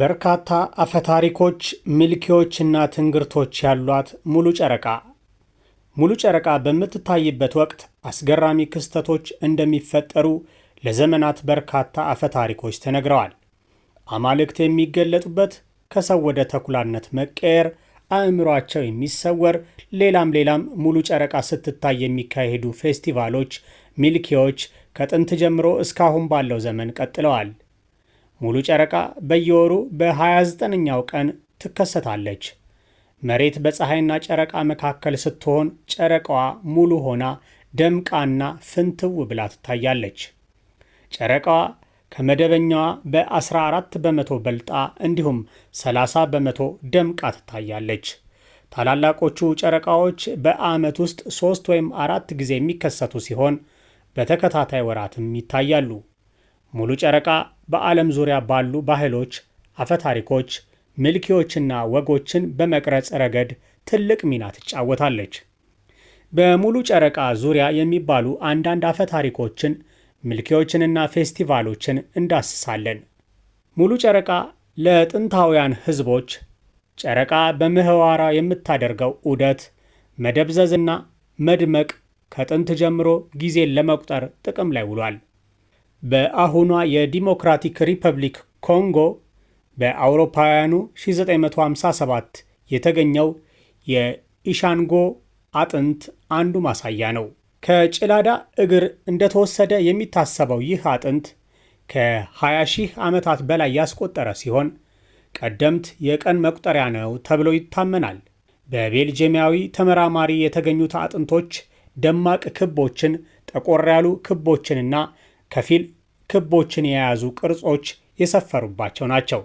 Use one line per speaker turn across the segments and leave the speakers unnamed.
በርካታ አፈታሪኮች ሚልኪዎችና ትንግርቶች ያሏት ሙሉ ጨረቃ ሙሉ ጨረቃ በምትታይበት ወቅት አስገራሚ ክስተቶች እንደሚፈጠሩ ለዘመናት በርካታ አፈታሪኮች ተነግረዋል። አማልክት የሚገለጡበት፣ ከሰው ወደ ተኩላነት መቀየር፣ አእምሯቸው የሚሰወር ሌላም ሌላም ሙሉ ጨረቃ ስትታይ የሚካሄዱ ፌስቲቫሎች ሚልኪዎች ከጥንት ጀምሮ እስካሁን ባለው ዘመን ቀጥለዋል። ሙሉ ጨረቃ በየወሩ በ29ኛው ቀን ትከሰታለች። መሬት በፀሐይና ጨረቃ መካከል ስትሆን ጨረቃዋ ሙሉ ሆና ደምቃና ፍንትው ብላ ትታያለች። ጨረቃዋ ከመደበኛዋ በ14 በመቶ በልጣ እንዲሁም 30 በመቶ ደምቃ ትታያለች። ታላላቆቹ ጨረቃዎች በዓመት ውስጥ ሶስት ወይም አራት ጊዜ የሚከሰቱ ሲሆን በተከታታይ ወራትም ይታያሉ። ሙሉ ጨረቃ በዓለም ዙሪያ ባሉ ባህሎች፣ አፈታሪኮች፣ ምልኪዎችና ወጎችን በመቅረጽ ረገድ ትልቅ ሚና ትጫወታለች። በሙሉ ጨረቃ ዙሪያ የሚባሉ አንዳንድ አፈታሪኮችን፣ ምልኪዎችንና ፌስቲቫሎችን እንዳስሳለን። ሙሉ ጨረቃ ለጥንታውያን ህዝቦች ጨረቃ በምህዋሯ የምታደርገው ዑደት፣ መደብዘዝና መድመቅ ከጥንት ጀምሮ ጊዜን ለመቁጠር ጥቅም ላይ ውሏል። በአሁኗ የዲሞክራቲክ ሪፐብሊክ ኮንጎ በአውሮፓውያኑ 1957 የተገኘው የኢሻንጎ አጥንት አንዱ ማሳያ ነው። ከጭላዳ እግር እንደተወሰደ የሚታሰበው ይህ አጥንት ከ20 ሺህ ዓመታት በላይ ያስቆጠረ ሲሆን ቀደምት የቀን መቁጠሪያ ነው ተብሎ ይታመናል። በቤልጅየማዊ ተመራማሪ የተገኙት አጥንቶች ደማቅ ክቦችን፣ ጠቆር ያሉ ክቦችንና ከፊል ክቦችን የያዙ ቅርጾች የሰፈሩባቸው ናቸው።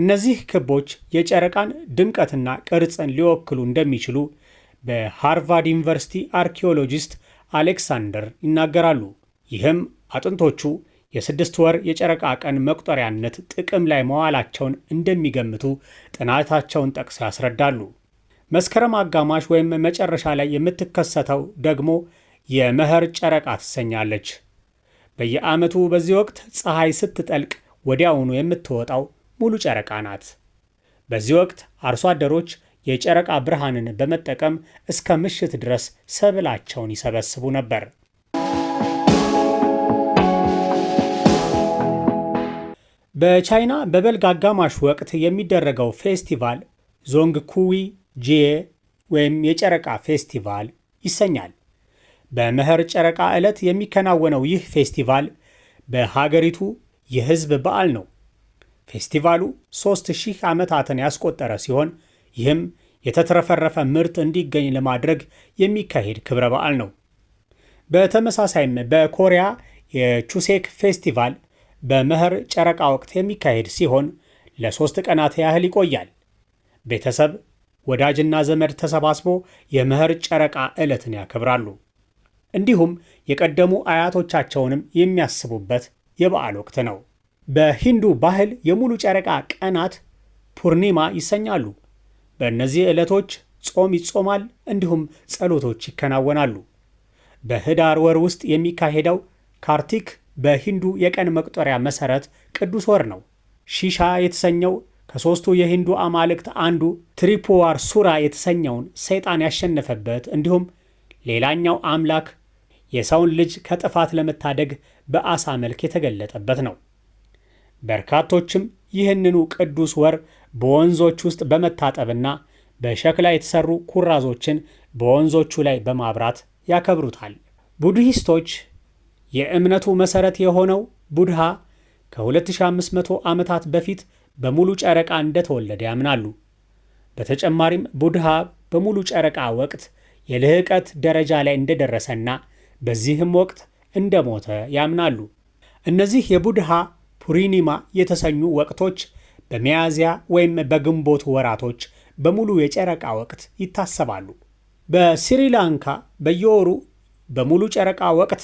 እነዚህ ክቦች የጨረቃን ድምቀትና ቅርጽን ሊወክሉ እንደሚችሉ በሃርቫርድ ዩኒቨርሲቲ አርኪኦሎጂስት አሌክሳንደር ይናገራሉ። ይህም አጥንቶቹ የስድስት ወር የጨረቃ ቀን መቁጠሪያነት ጥቅም ላይ መዋላቸውን እንደሚገምቱ ጥናታቸውን ጠቅሰው ያስረዳሉ። መስከረም አጋማሽ ወይም መጨረሻ ላይ የምትከሰተው ደግሞ የመኸር ጨረቃ ትሰኛለች። በየዓመቱ በዚህ ወቅት ፀሐይ ስትጠልቅ ወዲያውኑ የምትወጣው ሙሉ ጨረቃ ናት። በዚህ ወቅት አርሶ አደሮች የጨረቃ ብርሃንን በመጠቀም እስከ ምሽት ድረስ ሰብላቸውን ይሰበስቡ ነበር። በቻይና በበልግ አጋማሽ ወቅት የሚደረገው ፌስቲቫል ዞንግ ኩዊ ጂዬ ወይም የጨረቃ ፌስቲቫል ይሰኛል። በመኸር ጨረቃ ዕለት የሚከናወነው ይህ ፌስቲቫል በሀገሪቱ የሕዝብ በዓል ነው። ፌስቲቫሉ ሦስት ሺህ ዓመታትን ያስቆጠረ ሲሆን ይህም የተትረፈረፈ ምርት እንዲገኝ ለማድረግ የሚካሄድ ክብረ በዓል ነው። በተመሳሳይም በኮሪያ የቹሴክ ፌስቲቫል በመኸር ጨረቃ ወቅት የሚካሄድ ሲሆን ለሦስት ቀናት ያህል ይቆያል። ቤተሰብ፣ ወዳጅና ዘመድ ተሰባስቦ የመኸር ጨረቃ ዕለትን ያከብራሉ። እንዲሁም የቀደሙ አያቶቻቸውንም የሚያስቡበት የበዓል ወቅት ነው። በሂንዱ ባህል የሙሉ ጨረቃ ቀናት ፑርኒማ ይሰኛሉ። በእነዚህ ዕለቶች ጾም ይጾማል፣ እንዲሁም ጸሎቶች ይከናወናሉ። በህዳር ወር ውስጥ የሚካሄደው ካርቲክ በሂንዱ የቀን መቁጠሪያ መሠረት ቅዱስ ወር ነው። ሺሻ የተሰኘው ከሦስቱ የሂንዱ አማልክት አንዱ ትሪፖዋር ሱራ የተሰኘውን ሰይጣን ያሸነፈበት እንዲሁም ሌላኛው አምላክ የሰውን ልጅ ከጥፋት ለመታደግ በአሳ መልክ የተገለጠበት ነው። በርካቶችም ይህንኑ ቅዱስ ወር በወንዞች ውስጥ በመታጠብና በሸክላ የተሰሩ ኩራዞችን በወንዞቹ ላይ በማብራት ያከብሩታል። ቡድሂስቶች የእምነቱ መሠረት የሆነው ቡድሃ ከ2500 ዓመታት በፊት በሙሉ ጨረቃ እንደተወለደ ያምናሉ። በተጨማሪም ቡድሃ በሙሉ ጨረቃ ወቅት የልህቀት ደረጃ ላይ እንደደረሰና በዚህም ወቅት እንደሞተ ያምናሉ። እነዚህ የቡድሃ ፑሪኒማ የተሰኙ ወቅቶች በሚያዝያ ወይም በግንቦት ወራቶች በሙሉ የጨረቃ ወቅት ይታሰባሉ። በስሪላንካ በየወሩ በሙሉ ጨረቃ ወቅት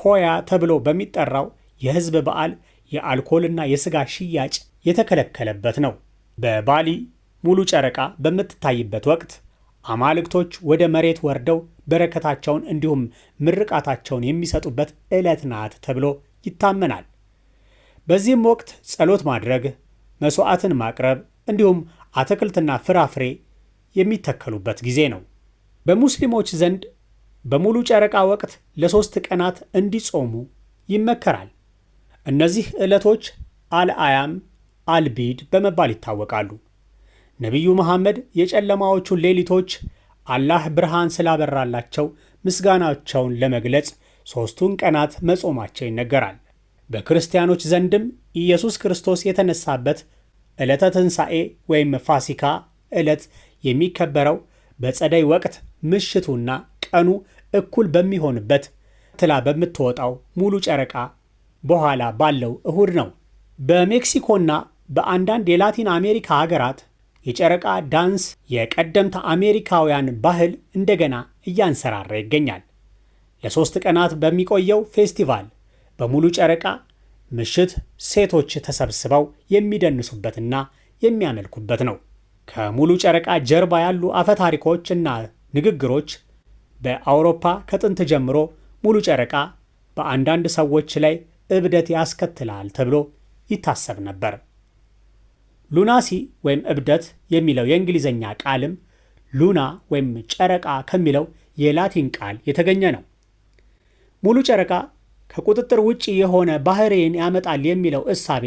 ፖያ ተብሎ በሚጠራው የህዝብ በዓል የአልኮልና የስጋ ሽያጭ የተከለከለበት ነው። በባሊ ሙሉ ጨረቃ በምትታይበት ወቅት አማልክቶች ወደ መሬት ወርደው በረከታቸውን እንዲሁም ምርቃታቸውን የሚሰጡበት ዕለት ናት ተብሎ ይታመናል። በዚህም ወቅት ጸሎት ማድረግ፣ መሥዋዕትን ማቅረብ እንዲሁም አትክልትና ፍራፍሬ የሚተከሉበት ጊዜ ነው። በሙስሊሞች ዘንድ በሙሉ ጨረቃ ወቅት ለሦስት ቀናት እንዲጾሙ ይመከራል። እነዚህ ዕለቶች አልአያም፣ አልቢድ በመባል ይታወቃሉ። ነቢዩ መሐመድ የጨለማዎቹን ሌሊቶች አላህ ብርሃን ስላበራላቸው ምስጋናቸውን ለመግለጽ ሦስቱን ቀናት መጾማቸው ይነገራል። በክርስቲያኖች ዘንድም ኢየሱስ ክርስቶስ የተነሳበት ዕለተ ትንሣኤ ወይም ፋሲካ ዕለት የሚከበረው በጸደይ ወቅት ምሽቱና ቀኑ እኩል በሚሆንበት ትላ በምትወጣው ሙሉ ጨረቃ በኋላ ባለው እሁድ ነው። በሜክሲኮና በአንዳንድ የላቲን አሜሪካ ሀገራት የጨረቃ ዳንስ የቀደምት አሜሪካውያን ባህል እንደገና እያንሰራራ ይገኛል። ለሦስት ቀናት በሚቆየው ፌስቲቫል በሙሉ ጨረቃ ምሽት ሴቶች ተሰብስበው የሚደንሱበትና የሚያመልኩበት ነው። ከሙሉ ጨረቃ ጀርባ ያሉ አፈታሪኮች እና ንግግሮች በአውሮፓ ከጥንት ጀምሮ ሙሉ ጨረቃ በአንዳንድ ሰዎች ላይ እብደት ያስከትላል ተብሎ ይታሰብ ነበር። ሉናሲ ወይም እብደት የሚለው የእንግሊዝኛ ቃልም ሉና ወይም ጨረቃ ከሚለው የላቲን ቃል የተገኘ ነው። ሙሉ ጨረቃ ከቁጥጥር ውጪ የሆነ ባህሬን ያመጣል የሚለው እሳቤ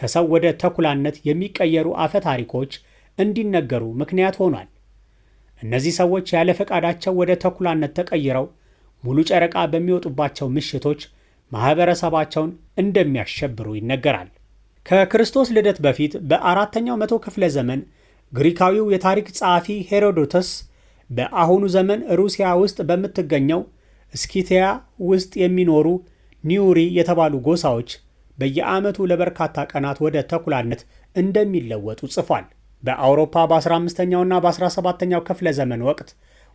ከሰው ወደ ተኩላነት የሚቀየሩ አፈ ታሪኮች እንዲነገሩ ምክንያት ሆኗል። እነዚህ ሰዎች ያለ ፈቃዳቸው ወደ ተኩላነት ተቀይረው ሙሉ ጨረቃ በሚወጡባቸው ምሽቶች ማኅበረሰባቸውን እንደሚያሸብሩ ይነገራል። ከክርስቶስ ልደት በፊት በአራተኛው መቶ ክፍለ ዘመን ግሪካዊው የታሪክ ጸሐፊ ሄሮዶተስ በአሁኑ ዘመን ሩሲያ ውስጥ በምትገኘው እስኪቲያ ውስጥ የሚኖሩ ኒውሪ የተባሉ ጎሳዎች በየዓመቱ ለበርካታ ቀናት ወደ ተኩላነት እንደሚለወጡ ጽፏል። በአውሮፓ በ15ኛውና በ17ኛው ክፍለ ዘመን ወቅት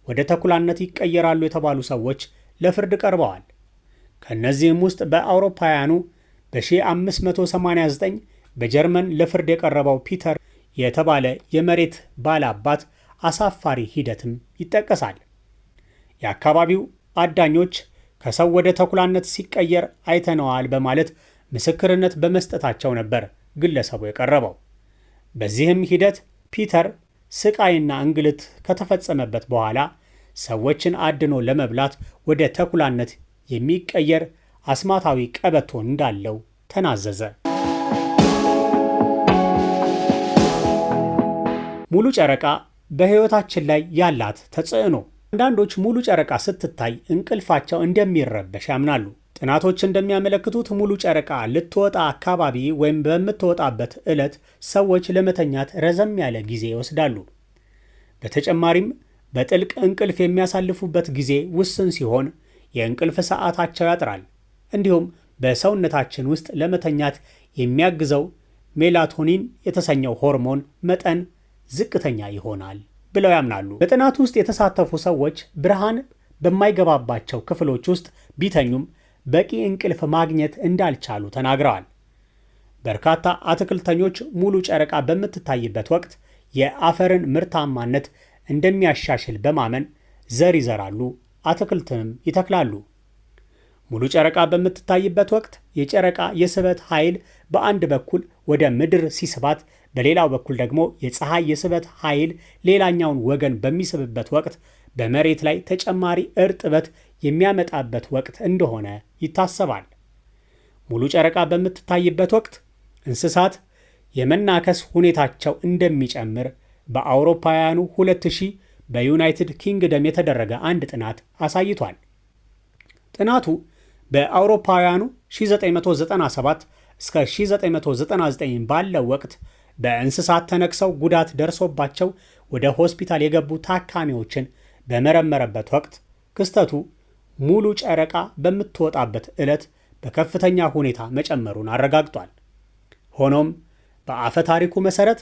ወደ ተኩላነት ይቀየራሉ የተባሉ ሰዎች ለፍርድ ቀርበዋል። ከእነዚህም ውስጥ በአውሮፓውያኑ በ1589 በጀርመን ለፍርድ የቀረበው ፒተር የተባለ የመሬት ባለአባት አሳፋሪ ሂደትም ይጠቀሳል። የአካባቢው አዳኞች ከሰው ወደ ተኩላነት ሲቀየር አይተነዋል በማለት ምስክርነት በመስጠታቸው ነበር ግለሰቡ የቀረበው። በዚህም ሂደት ፒተር ስቃይና እንግልት ከተፈጸመበት በኋላ ሰዎችን አድኖ ለመብላት ወደ ተኩላነት የሚቀየር አስማታዊ ቀበቶ እንዳለው ተናዘዘ። ሙሉ ጨረቃ በሕይወታችን ላይ ያላት ተጽዕኖ። አንዳንዶች ሙሉ ጨረቃ ስትታይ እንቅልፋቸው እንደሚረበሽ ያምናሉ። ጥናቶች እንደሚያመለክቱት ሙሉ ጨረቃ ልትወጣ አካባቢ ወይም በምትወጣበት ዕለት ሰዎች ለመተኛት ረዘም ያለ ጊዜ ይወስዳሉ። በተጨማሪም በጥልቅ እንቅልፍ የሚያሳልፉበት ጊዜ ውስን ሲሆን የእንቅልፍ ሰዓታቸው ያጥራል። እንዲሁም በሰውነታችን ውስጥ ለመተኛት የሚያግዘው ሜላቶኒን የተሰኘው ሆርሞን መጠን ዝቅተኛ ይሆናል ብለው ያምናሉ። በጥናቱ ውስጥ የተሳተፉ ሰዎች ብርሃን በማይገባባቸው ክፍሎች ውስጥ ቢተኙም በቂ እንቅልፍ ማግኘት እንዳልቻሉ ተናግረዋል። በርካታ አትክልተኞች ሙሉ ጨረቃ በምትታይበት ወቅት የአፈርን ምርታማነት እንደሚያሻሽል በማመን ዘር ይዘራሉ፣ አትክልትም ይተክላሉ። ሙሉ ጨረቃ በምትታይበት ወቅት የጨረቃ የስበት ኃይል በአንድ በኩል ወደ ምድር ሲስባት፣ በሌላው በኩል ደግሞ የፀሐይ የስበት ኃይል ሌላኛውን ወገን በሚስብበት ወቅት በመሬት ላይ ተጨማሪ እርጥበት የሚያመጣበት ወቅት እንደሆነ ይታሰባል። ሙሉ ጨረቃ በምትታይበት ወቅት እንስሳት የመናከስ ሁኔታቸው እንደሚጨምር በአውሮፓውያኑ 2000 በዩናይትድ ኪንግደም የተደረገ አንድ ጥናት አሳይቷል። ጥናቱ በአውሮፓውያኑ 1997 እስከ 1999 ባለው ወቅት በእንስሳት ተነክሰው ጉዳት ደርሶባቸው ወደ ሆስፒታል የገቡ ታካሚዎችን በመረመረበት ወቅት ክስተቱ ሙሉ ጨረቃ በምትወጣበት ዕለት በከፍተኛ ሁኔታ መጨመሩን አረጋግጧል። ሆኖም በአፈ ታሪኩ መሠረት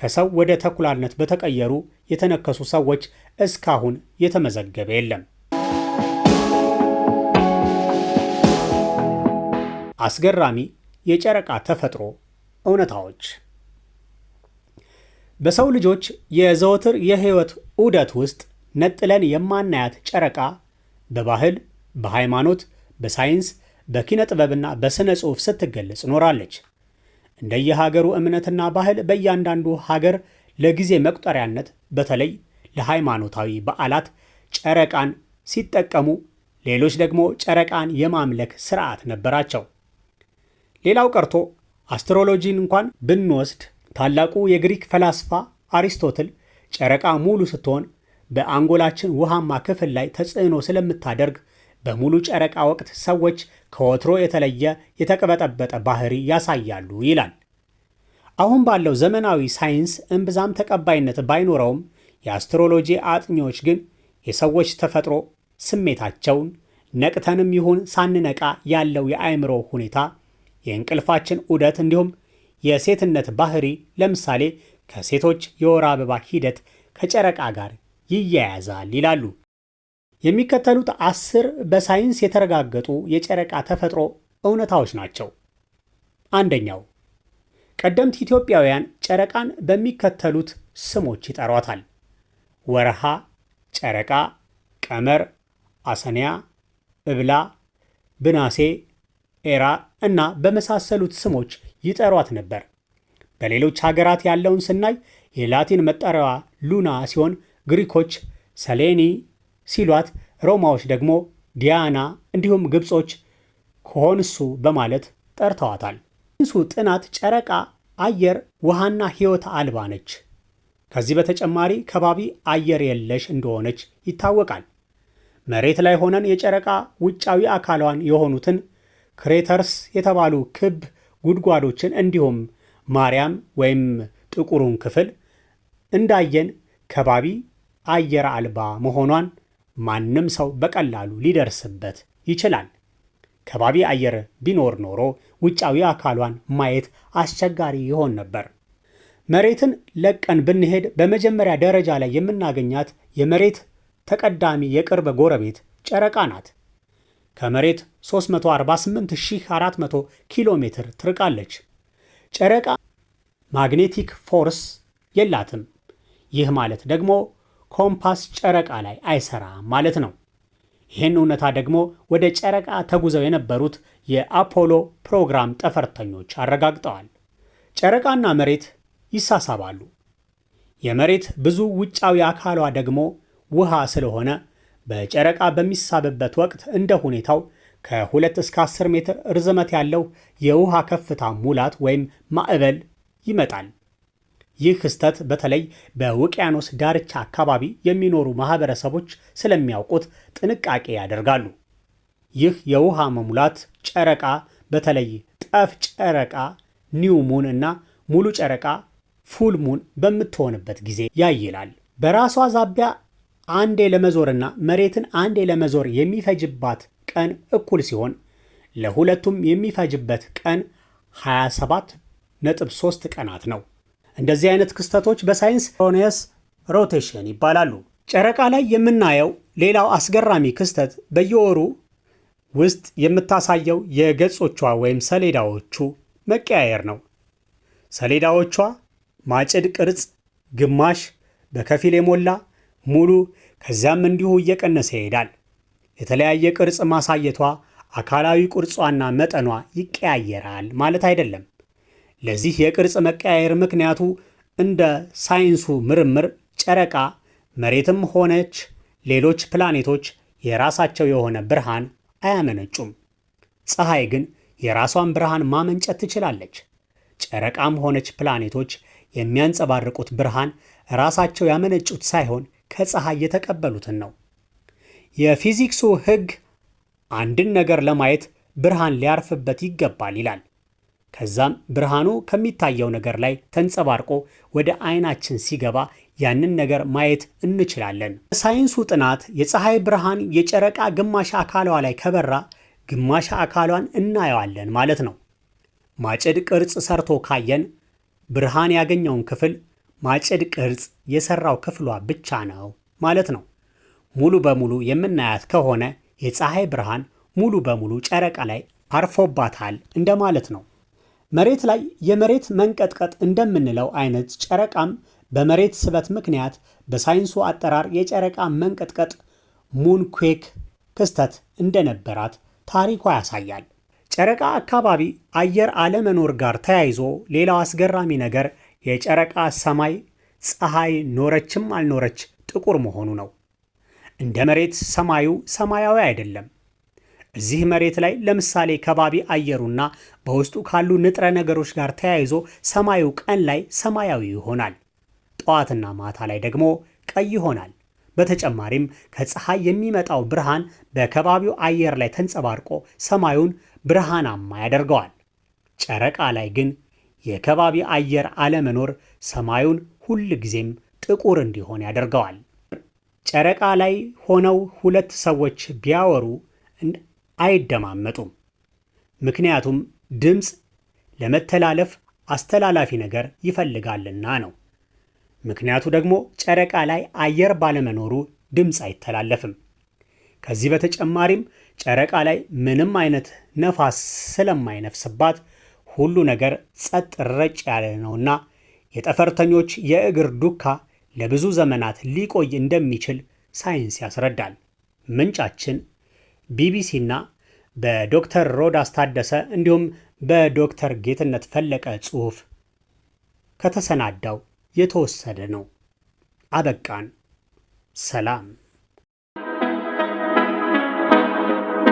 ከሰው ወደ ተኩላነት በተቀየሩ የተነከሱ ሰዎች እስካሁን የተመዘገበ የለም። አስገራሚ የጨረቃ ተፈጥሮ እውነታዎች በሰው ልጆች የዘወትር የህይወት ዑደት ውስጥ ነጥለን የማናያት ጨረቃ በባህል፣ በሃይማኖት፣ በሳይንስ፣ በኪነ ጥበብና በሥነ ጽሑፍ ስትገለጽ ኖራለች። እንደየሀገሩ እምነትና ባህል በእያንዳንዱ ሀገር ለጊዜ መቁጠሪያነት በተለይ ለሃይማኖታዊ በዓላት ጨረቃን ሲጠቀሙ፣ ሌሎች ደግሞ ጨረቃን የማምለክ ሥርዓት ነበራቸው። ሌላው ቀርቶ አስትሮሎጂን እንኳን ብንወስድ ታላቁ የግሪክ ፈላስፋ አሪስቶትል ጨረቃ ሙሉ ስትሆን በአንጎላችን ውሃማ ክፍል ላይ ተጽዕኖ ስለምታደርግ በሙሉ ጨረቃ ወቅት ሰዎች ከወትሮ የተለየ የተቀበጠበጠ ባህሪ ያሳያሉ ይላል። አሁን ባለው ዘመናዊ ሳይንስ እምብዛም ተቀባይነት ባይኖረውም የአስትሮሎጂ አጥኚዎች ግን የሰዎች ተፈጥሮ ስሜታቸውን ነቅተንም ይሁን ሳንነቃ ያለው የአእምሮ ሁኔታ የእንቅልፋችን ዑደት እንዲሁም የሴትነት ባህሪ ለምሳሌ ከሴቶች የወር አበባ ሂደት ከጨረቃ ጋር ይያያዛል ይላሉ። የሚከተሉት አስር በሳይንስ የተረጋገጡ የጨረቃ ተፈጥሮ እውነታዎች ናቸው። አንደኛው ቀደምት ኢትዮጵያውያን ጨረቃን በሚከተሉት ስሞች ይጠሯታል። ወርሃ፣ ጨረቃ፣ ቀመር፣ አሰንያ፣ እብላ፣ ብናሴ፣ ኤራ እና በመሳሰሉት ስሞች ይጠሯት ነበር። በሌሎች ሀገራት ያለውን ስናይ የላቲን መጠሪያዋ ሉና ሲሆን ግሪኮች ሰሌኒ ሲሏት፣ ሮማዎች ደግሞ ዲያና፣ እንዲሁም ግብጾች ኮሆንሱ በማለት ጠርተዋታል። ንሱ ጥናት ጨረቃ አየር ውሃና ሕይወት አልባ ነች። ከዚህ በተጨማሪ ከባቢ አየር የለሽ እንደሆነች ይታወቃል። መሬት ላይ ሆነን የጨረቃ ውጫዊ አካሏን የሆኑትን ክሬተርስ የተባሉ ክብ ጉድጓዶችን እንዲሁም ማርያም ወይም ጥቁሩን ክፍል እንዳየን ከባቢ አየር አልባ መሆኗን ማንም ሰው በቀላሉ ሊደርስበት ይችላል። ከባቢ አየር ቢኖር ኖሮ ውጫዊ አካሏን ማየት አስቸጋሪ ይሆን ነበር። መሬትን ለቀን ብንሄድ በመጀመሪያ ደረጃ ላይ የምናገኛት የመሬት ተቀዳሚ የቅርብ ጎረቤት ጨረቃ ናት። ከመሬት 348400 ኪሎ ሜትር ትርቃለች። ጨረቃ ማግኔቲክ ፎርስ የላትም። ይህ ማለት ደግሞ ኮምፓስ ጨረቃ ላይ አይሰራም ማለት ነው። ይህን እውነታ ደግሞ ወደ ጨረቃ ተጉዘው የነበሩት የአፖሎ ፕሮግራም ጠፈርተኞች አረጋግጠዋል። ጨረቃና መሬት ይሳሳባሉ። የመሬት ብዙ ውጫዊ አካሏ ደግሞ ውሃ ስለሆነ በጨረቃ በሚሳብበት ወቅት እንደ ሁኔታው ከ2 እስከ 10 ሜትር ርዝመት ያለው የውሃ ከፍታ ሙላት ወይም ማዕበል ይመጣል። ይህ ክስተት በተለይ በውቅያኖስ ዳርቻ አካባቢ የሚኖሩ ማህበረሰቦች ስለሚያውቁት ጥንቃቄ ያደርጋሉ። ይህ የውሃ መሙላት ጨረቃ በተለይ ጠፍ ጨረቃ፣ ኒው ሙን እና ሙሉ ጨረቃ ፉል ሙን በምትሆንበት ጊዜ ያይላል። በራሷ ዛቢያ አንዴ ለመዞርና መሬትን አንዴ ለመዞር የሚፈጅባት ቀን እኩል ሲሆን ለሁለቱም የሚፈጅበት ቀን 27.3 ቀናት ነው። እንደዚህ አይነት ክስተቶች በሳይንስ ሮኔስ ሮቴሽን ይባላሉ። ጨረቃ ላይ የምናየው ሌላው አስገራሚ ክስተት በየወሩ ውስጥ የምታሳየው የገጾቿ ወይም ሰሌዳዎቹ መቀያየር ነው። ሰሌዳዎቿ ማጭድ ቅርጽ፣ ግማሽ በከፊል የሞላ ሙሉ ከዚያም እንዲሁ እየቀነሰ ይሄዳል። የተለያየ ቅርጽ ማሳየቷ አካላዊ ቁርጿና መጠኗ ይቀያየራል ማለት አይደለም። ለዚህ የቅርጽ መቀያየር ምክንያቱ እንደ ሳይንሱ ምርምር ጨረቃ፣ መሬትም ሆነች ሌሎች ፕላኔቶች የራሳቸው የሆነ ብርሃን አያመነጩም። ፀሐይ ግን የራሷን ብርሃን ማመንጨት ትችላለች። ጨረቃም ሆነች ፕላኔቶች የሚያንጸባርቁት ብርሃን ራሳቸው ያመነጩት ሳይሆን ከፀሐይ የተቀበሉትን ነው። የፊዚክሱ ሕግ አንድን ነገር ለማየት ብርሃን ሊያርፍበት ይገባል ይላል። ከዛም ብርሃኑ ከሚታየው ነገር ላይ ተንጸባርቆ ወደ አይናችን ሲገባ ያንን ነገር ማየት እንችላለን። በሳይንሱ ጥናት የፀሐይ ብርሃን የጨረቃ ግማሽ አካሏ ላይ ከበራ ግማሽ አካሏን እናየዋለን ማለት ነው። ማጭድ ቅርጽ ሰርቶ ካየን ብርሃን ያገኘውን ክፍል ማጭድ ቅርጽ የሰራው ክፍሏ ብቻ ነው ማለት ነው። ሙሉ በሙሉ የምናያት ከሆነ የፀሐይ ብርሃን ሙሉ በሙሉ ጨረቃ ላይ አርፎባታል እንደማለት ነው። መሬት ላይ የመሬት መንቀጥቀጥ እንደምንለው አይነት ጨረቃም በመሬት ስበት ምክንያት በሳይንሱ አጠራር የጨረቃ መንቀጥቀጥ ሙንኩክ ክስተት እንደነበራት ታሪኳ ያሳያል። ጨረቃ አካባቢ አየር አለመኖር ጋር ተያይዞ ሌላው አስገራሚ ነገር የጨረቃ ሰማይ ፀሐይ ኖረችም አልኖረች ጥቁር መሆኑ ነው። እንደ መሬት ሰማዩ ሰማያዊ አይደለም። እዚህ መሬት ላይ ለምሳሌ ከባቢ አየሩና በውስጡ ካሉ ንጥረ ነገሮች ጋር ተያይዞ ሰማዩ ቀን ላይ ሰማያዊ ይሆናል፣ ጠዋትና ማታ ላይ ደግሞ ቀይ ይሆናል። በተጨማሪም ከፀሐይ የሚመጣው ብርሃን በከባቢው አየር ላይ ተንጸባርቆ ሰማዩን ብርሃናማ ያደርገዋል። ጨረቃ ላይ ግን የከባቢ አየር አለመኖር ሰማዩን ሁል ጊዜም ጥቁር እንዲሆን ያደርገዋል። ጨረቃ ላይ ሆነው ሁለት ሰዎች ቢያወሩ አይደማመጡም። ምክንያቱም ድምፅ ለመተላለፍ አስተላላፊ ነገር ይፈልጋልና ነው። ምክንያቱ ደግሞ ጨረቃ ላይ አየር ባለመኖሩ ድምፅ አይተላለፍም። ከዚህ በተጨማሪም ጨረቃ ላይ ምንም አይነት ነፋስ ስለማይነፍስባት ሁሉ ነገር ጸጥ ረጭ ያለ ነውና የጠፈርተኞች የእግር ዱካ ለብዙ ዘመናት ሊቆይ እንደሚችል ሳይንስ ያስረዳል። ምንጫችን ቢቢሲና በዶክተር ሮዳስ ታደሰ እንዲሁም በዶክተር ጌትነት ፈለቀ ጽሑፍ ከተሰናዳው የተወሰደ ነው። አበቃን። ሰላም